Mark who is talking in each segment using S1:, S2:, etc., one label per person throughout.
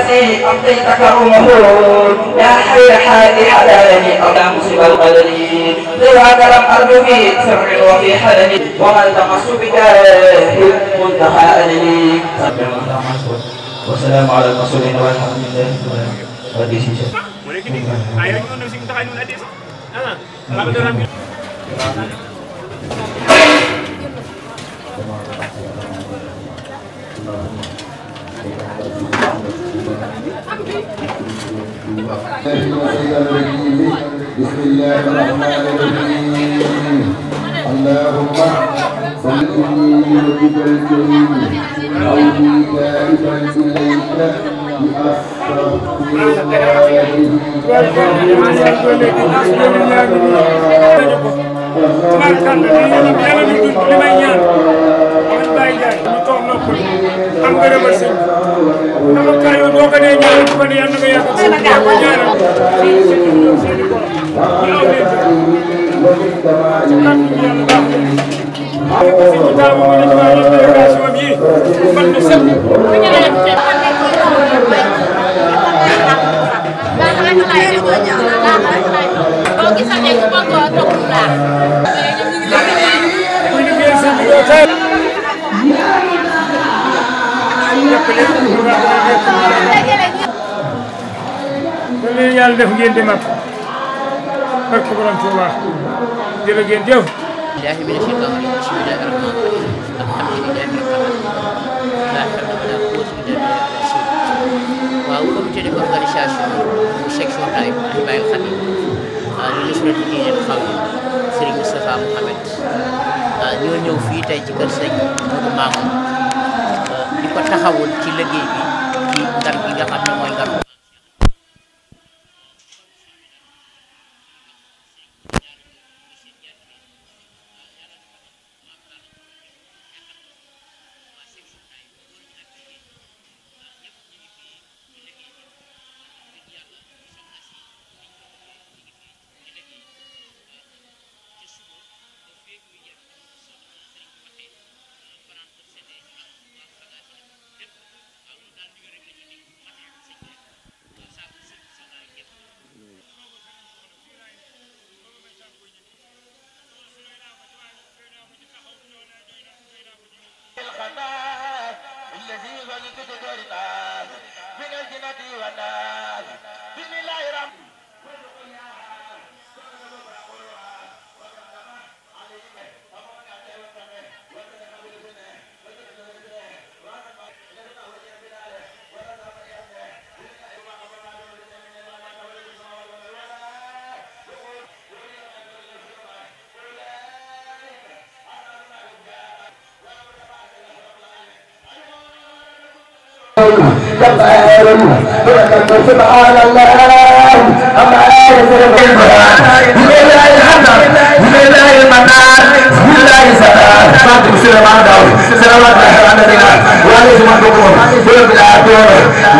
S1: الذي أعطيت كرمه يا حي حادي حلالني قبل مصيب القدر لذاك لم أرد في سر وفي حلم وما التمس بجاهل منتهى أدني والسلام على المرسلين والحمد لله رب العالمين ولكن ayah itu nasi kita kain nanti, ah, kalau dalam Allahumma بسم الله الرحمن الرحيم اللهم صل بك الكريم عودي تائبا اليك لأستغفر الله nama kayo boo ko dee ñaanal ko ne yàlla nga yàgg ko ñaanal léegi yàlla def ngeen di mag barke di ko taxawul ci liggéey bi ci ngar gi nga xam ne mooy ngar جبار سبحان الله أما لله الحمد لله المنان لله سبحان فاتم سليمان داوود سلامات الله على نبينا وعليه مدعوكم بلغ الآخرة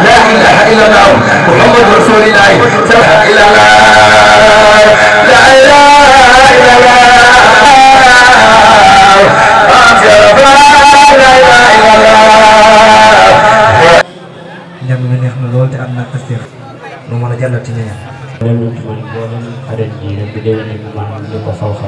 S1: لا إله إلا الله محمد رسول الله سبحان الله njàng mi neex na lool te am na pastéef lu mën a jàllati ñeneen. loolu mooy mboolem xarit yi rek bi déwénee bi maanaam ñu ko faw fa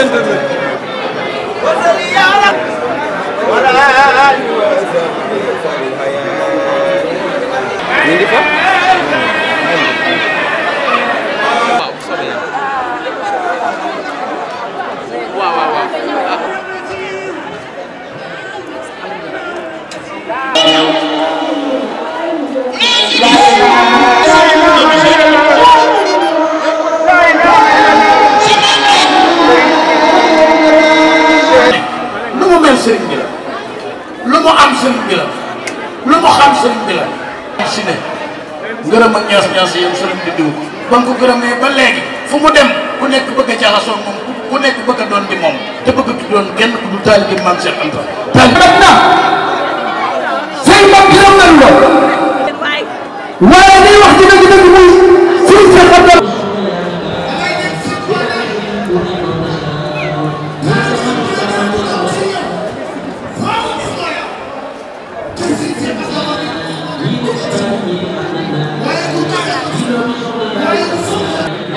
S1: internet gërëm ak ñaas ñaas yéen sëriñ ba nga ko gërëmee ba léegi fu mu dem ku nekk bëgg a jaxasoo moom ku nekk bëgg a doon di moom te bëgg di doon kenn ku du taalibi maam Cheikh Anta taalibi na say moom gërëm nañ la waaye day wax dëgg dëgg muy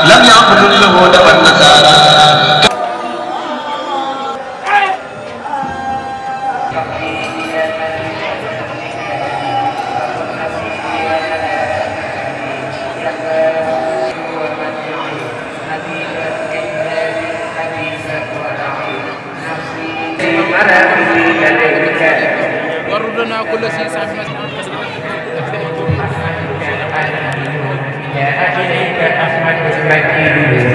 S1: Lam yang perlu dihodapan negara Thank you.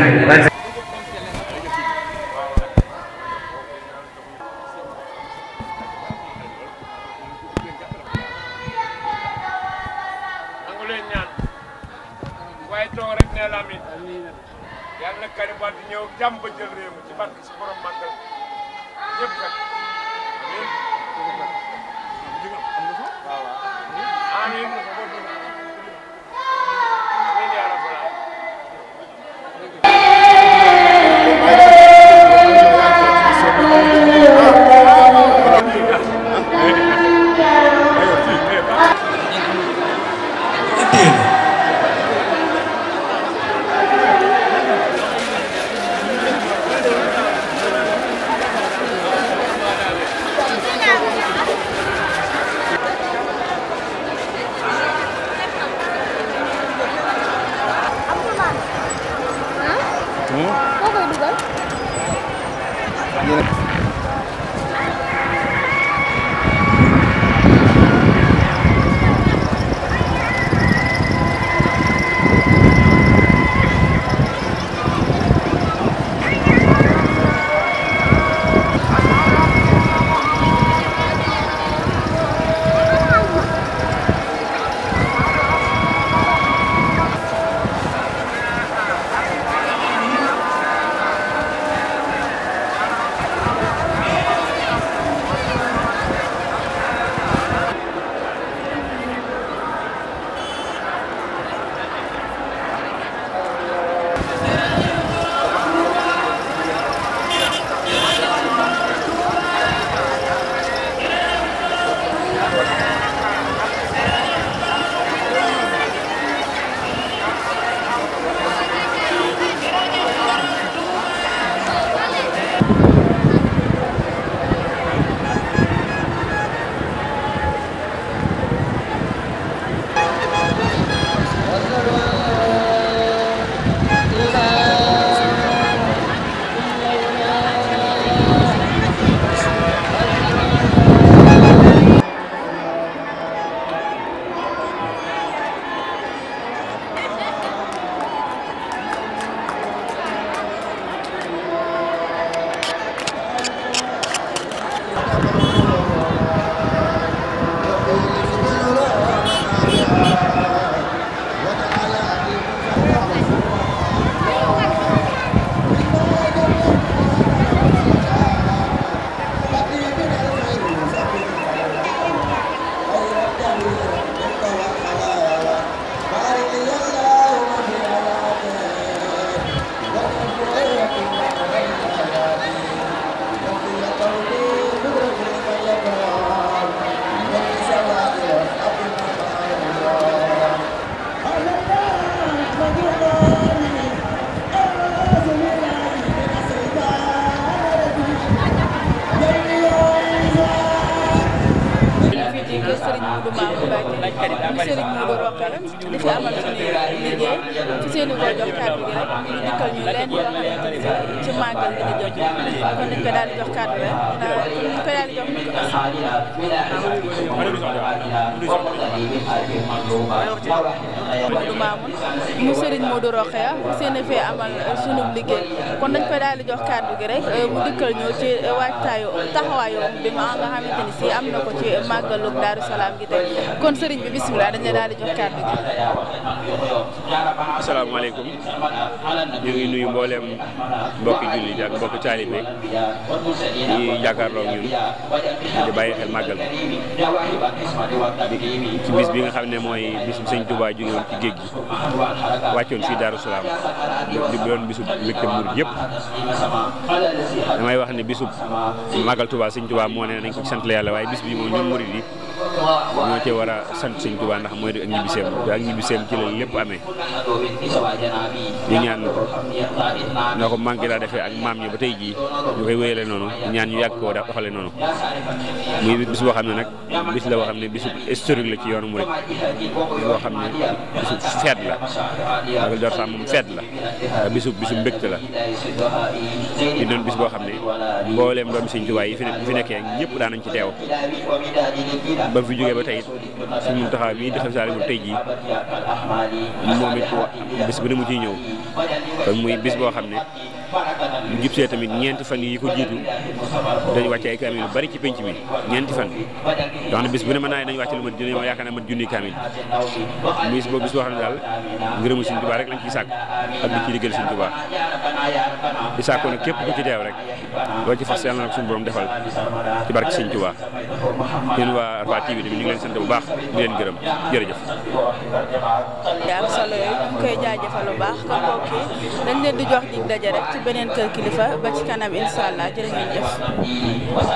S1: di fi amal suñuy liggéey ci seen i jox kàddu gi rek ñu dikkal ñu leen yoo xamante ni ci màggal gi di jot kon dañ ko daal di jox kàddu rek kon ñu ko daal di jox micro Amadou Mamoun mu Serigne Modou Rokhaya seen fee amal sunu liggéey kon dañ koy daal di jox kàddu gi rek euh, mu dikkal ñëw ci euh, waajtaayu taxawaayu bi ma nga xamante ni si am na mbooleem mbokki jullit ak mbokki taalibe yi jàkkaarloo ñun di xel màggal ci bis bi nga xam ne mooy bis bu Sëñ Tuubaa ju géej gi wàccoon fii Daaru Salaam di doon yëpp damay wax ni bisub Magal Touba Sëñ Touba moo ne nañ ko ci yàlla waaye bis bi moom ñun ñoo ci war a sant sëñ Tuubaa ndax mooy ak ñibbiseem te ak ñibbiseem ci la lépp amee ñu ñaan na ko manqué daa defee ak maam ñi ba tey jii ñu koy wéyale noonu ñaan ñu yàgg koo da doxale noonu muy bis boo xam ne nag bis la boo xam ne bisu historique la ci yoonu murid bis boo xam ne bisu feet la magal la bisu bisu mbégte la doon bis boo xam ne mbooleem doomi sëñ Tuubaa yi fi nekkee ñëpp daanañ ci teew ba fi jógee ba tey it suñu Muntaxa mii di xam si àll tey jii moom it bis bu ne mu ciy ñëw kon muy bis boo xam ne. bu jubsee tamit ñeenti fan yi ko jiitu dañu wàcce ay kaamil yu bari ci penc mi ñeenti fan yoo xam ne bis bu ne mën naa ne dañu wàcce lu mat dinañ ma yaakaar ne mat junni kaamil muy bis boo bis boo xam ne daal ngërëmu Sëriñ Tuubaa rek lañ ciy sàkk ak di ci diggal Sëriñ Tuubaa di sàkkoo nag képp ku ci teew rek loo ci fas yàlla nag suñu borom defal ci barke Sëriñ Tuubaa yéen waa Rafah TV tamit ñu ngi leen sant bu baax di leen gërëm jërëjëf am solo yooyu ñu koy jaajëfal bu baax kon mbokk yi dañ leen di jox beneen kilifa ba ci kanam incha allah jërë ngeen